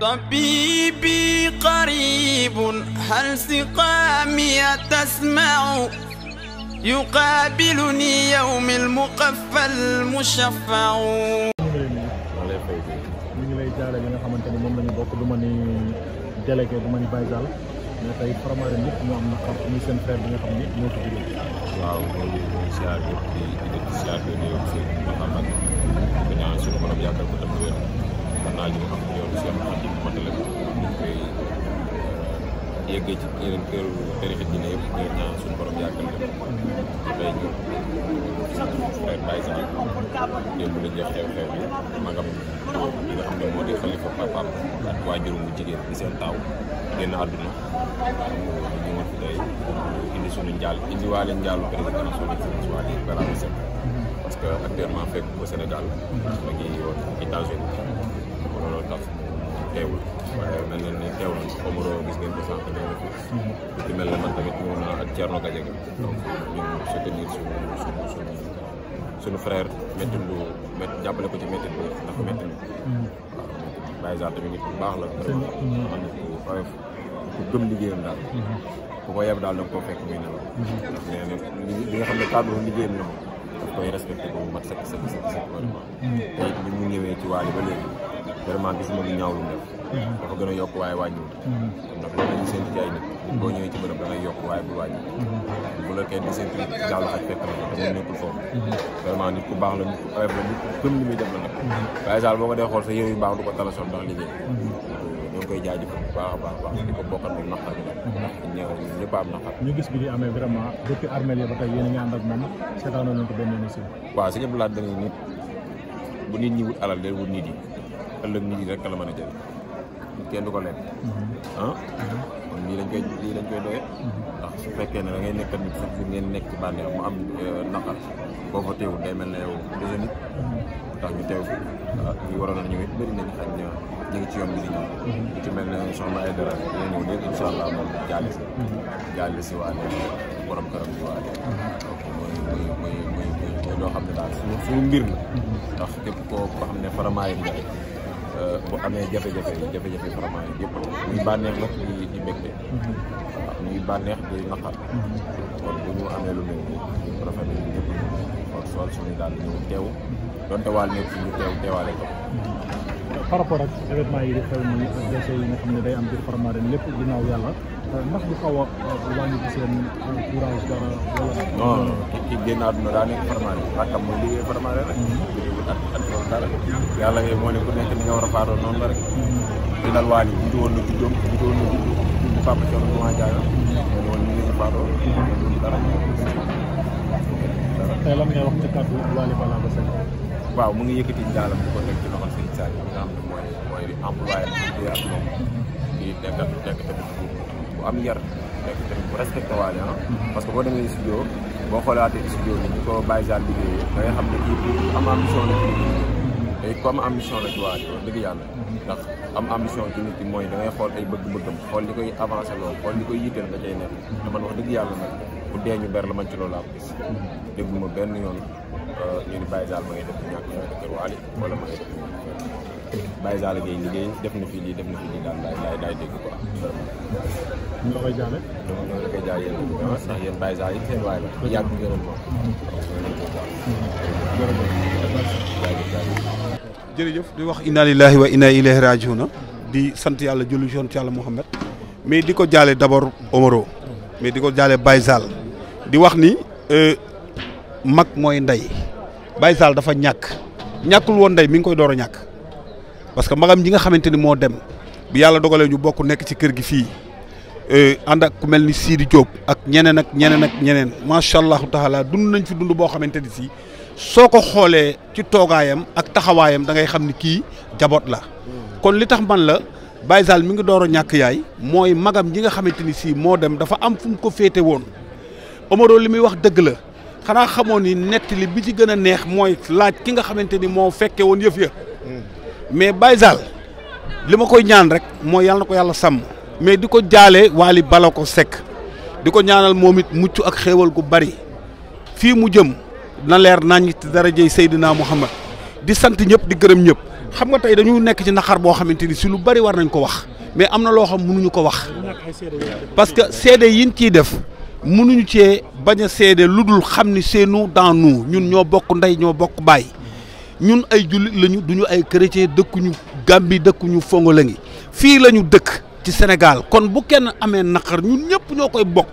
طبيبي قريب هل سقامي تسمع يقابلني يوم المقفى المشفع ñu ngi lay jaale li nga xamante ni moom la ñu bokk du ma ni délégué du ma ni Baye Zall mais tey Faramareen ñëpp ñu am na xam muy seen frère bi nga xam ni ñoo ko jógee. waaw ñoo ngi ñuy siyaar yëpp di di def siyaar yooyu di yokk si Mouhamad di ñaan suñu borom yàggal ko tam wér mën naa ñu xam. Seexul Xadiim matale ko ñu koy yeggee ci yeneen këru tarixa diine yëpp di ñaan suñu borom yàggal la dafay ñu xew-xew bi magam nga xam ne moo di xalifa papaam ak waajurum bu jigéen di seen taaw génn àdduna ñu ngi fi tey indi suñu njaal indi waale njaalu président balaa mu set parce que actuellement fekk au Sénégal. ndax ngi woon États-Unis teewul waaye mel na ni teew nañ Omaro gis ngeen mhm. man tamit ñëw na ak Thierno Gadiaga mhm. donc ñu soutenir suñu suñu lu jàppale ko ci métti bi ndax métti na mhm. waaw Baye bu baax la vraiment man liggéeyam daal ku ko yeb daal da nga koo fekk muy nelaw ndax nee na xam ne cadre liggéeyam la moom daf koy respecté ba mu mat sëkk sëkk sëkk sëkk vraiment te it bi mu ñëwee ci waali ba léegi vraiment gisuma lu ñaaw lu mu def. Mhm. dafa gën a yokk waaye wàññiwul. Mhm. ndax loolu la ñuy séntu ci ay nit. Mhm. boo ci bërëb da ngay yokk waaye bul wàññi. bu la kenn di séntu jàll xaj fekk na te mu nekkul nit ku baax la nit ku oyof muy def la nag. waaye boo ko xool sa yëw yu baax du ko talasoon ndax liggéey. ñu koy jaajëfal bu baax a baax baax di ko bokkal moom naqar bi ndax ñëw ñëpp am naqar ñu gis bi di amee vraiment depuis armeel yi a ngi ànd ak moom seetaanoo leen ko benn émission waaw sëñ bu nit ñi wut alal leen wut nit yi ëllëg nit ñi rek la mën a jël kenn du ko lekk mhm. ah mhm. kon lii lañ koy lii lañ koy doyee mhm. ndax su fekkee ne da ngay nekk tamit sax ngeen nekk ci bànneex mu am euh, naqar boo fa teewul day mel ne yow déjà nit tax ñu teew fi ah, ñu waroon a ñëw it bëri nañ xañ ñu ngi ci yoon bi di ñëw ci mel ne soxna ay dara dina ñëw léegi incha allah moom jaale si jaale si waa leen borom këram di waa leen donc mooy mooy mooy mooy loo xam ne daal suñu suñu mbir la ndax képp koo ko xam ne faramaay njaay bu amee jafe-jafe jafe-jafe vraiment yëpp ñuy bànneex nag di di mbégte waaw mhm. ñuy bànneex di naqar mhm. kon bu ñu amee lu mel nii ñu rafet ñu ñëpp kon sol suñu daal ñëw teew mhm. donte waal ñëpp suñu teew teewaale ko par rapport ak événement yi di xew nii dese yi nga xam ne day am biir format ren lépp ginnaaw yàlla euh, ndax du xaw a euh, wàññi ci seen courage dara wala non ki génn àdduna daa nekk format rakkam mooy liggéey format rek at at loolu dara yàlla ngay moo ne ku nekk ni nga war a faatoo noonu la rek di dal waal yi jiwoon na juddoom jiwoon na juddu juddu papa coono ñu maa jaaga woon ni ngeen faatoo loolu dara tey lan ngay wax ci kàddu Wally Ballago Seck waaw mu ngi yëkkati njaalam di ko teg ci loxo sëñ Sadio bi nga xam ne mooy mooy employé di ak moom di nekk nekk tamit bu am yar nekk tamit bu respecté Wally ah parce que boo demee studio boo xoolaatee studio bi ñu ko Baye Zane liggéeyee da xam ne kii ku am ambition la ci liggéey dëgg yàlla ndax am ambition ci da ngay xool ay bëgg-bëggam xool li koy avancé lool xool li koy yitteel nga cay nekk te man wax dëgg yàlla nag ku dee ñu ber la man ci loolu laa ko gis déggu ma benn yoon euh, ñu ni Baye Zane ma ngay def ñàkk ñëw kër Waly wala ma ngay def Baye liggéey def na fii lii def na fii lii jërëjëf di wax inna lillahi di sant yàlla julli ci yàlla Muhammad mais di ko jaale d'abord Omaro mais di ko jaale Baye Zala di wax ni euh, mag mooy ndey Baye Zala dafa ñàkk ñàkkul woon ndey mi ngi koy door a ñàkk parce que magam ji nga xamante ni moo dem bi yàlla dogalee ñu bokk nekk ci kër gi fii eh, ànd ak ku mel ni Sidi Diop ak ñeneen ak ñeneen ak ñeneen macha allahu taala dund nañ fi dund boo xamante ni sii soo ko xoolee ci toogaayam ak taxawaayam da ngay xam ni kii jaboot la kon li tax man la Baye Sall mi ngi door a ñàkk yaay mooy magam ji nga xamante ni si moo dem dafa am fu mu ko féete woon Omaro li muy wax dëgg la xanaa xamoon ni nettali bi ci gën a neex mooy laaj ki nga xamante ni moo fekke woon yëf ya mais Baye li ma koy ñaan rek mooy yàlla ko yàlla sàmm mais di ko jaalee jaale Wally ko Seck di ko ñaanal moom it mucc ak xéewal gu bari fii mu jëm na leer nañ ci darajey Seydina Muhammad di sant ñëpp di gërëm ñëpp xam nga tey dañu nekk ci naqar boo xamante ni si lu bari war nañ ko wax mais am na loo xam munu ñu ko wax parce que seede yiñ ciy def mënuñu ci bañ a seede lu dul xam ni seenu dans ñun ñoo bokk ndey ñoo bokk baay ñun ay jullit lañu duñu ay chrétien dëkkuñu Gàmbi dëkkuñu Fongola ngi fii la ñu dëkk ci Sénégal kon bu kenn amee naqar ñun ñëpp ñoo koy bokk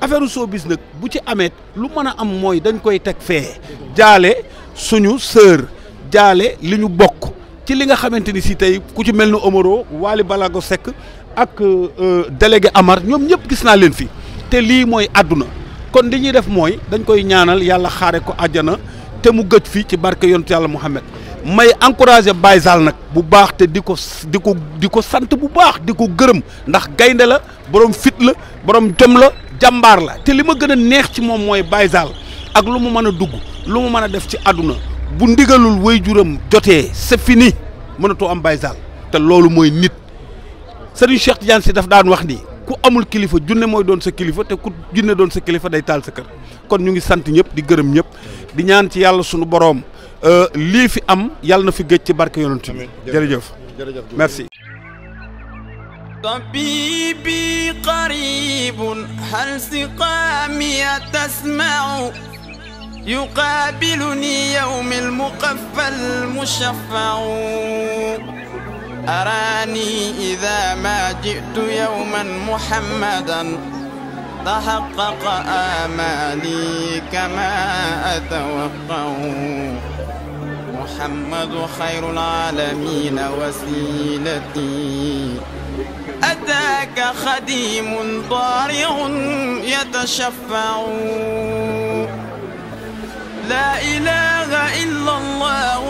affaire showbiz nag bu ci amee lu mën a am mooy dañ koy teg fee jaale suñu sœur jaale li ñu bokk ci li nga xamante ni si tey ku ci mel ni Omaro Wally Balago Seck ak euh, délégué Amar ñoom ñëpp gis naa leen fi te lii mooy àdduna kon li ñuy def mooy dañ koy ñaanal yàlla xaare ko àjjana te mu gëj fii ci barke yontu yàlla Muhammad may encouragé Baye Sall nag bu baax te di ko di ko di ko sant bu baax di ko gërëm ndax gaynde la borom fit la borom jom la jàmbaar la te li ma gën a neex ci moom mooy Baye ak lu mu mën a dugg lu ma mën a def ci àdduna bu ndigalul waajuram jotee c'est fini mënatoo am Baye te loolu mooy nit Serigne Cheikh Tidiane Sy daf daan wax ni ku amul kilifa junne mooy doon sa kilifa te ku junne doon sa kilifa day taal sa kër kon ñu ngi sant ñëpp di gërëm ñëpp di ñaan ci yàlla sunu boroom euh, lii fi am yàlla na fi géej ci barke yonent bi jërëjëf merci طبيبي قريب هل سقامي تسمع يقابلني يوم المقفى المشفع أراني إذا ما جئت يوما محمدا تحقق آمالي كما أتوقع محمد خير العالمين وسيلتي أتاك خديم ضارع يتشفع لا إله إلا الله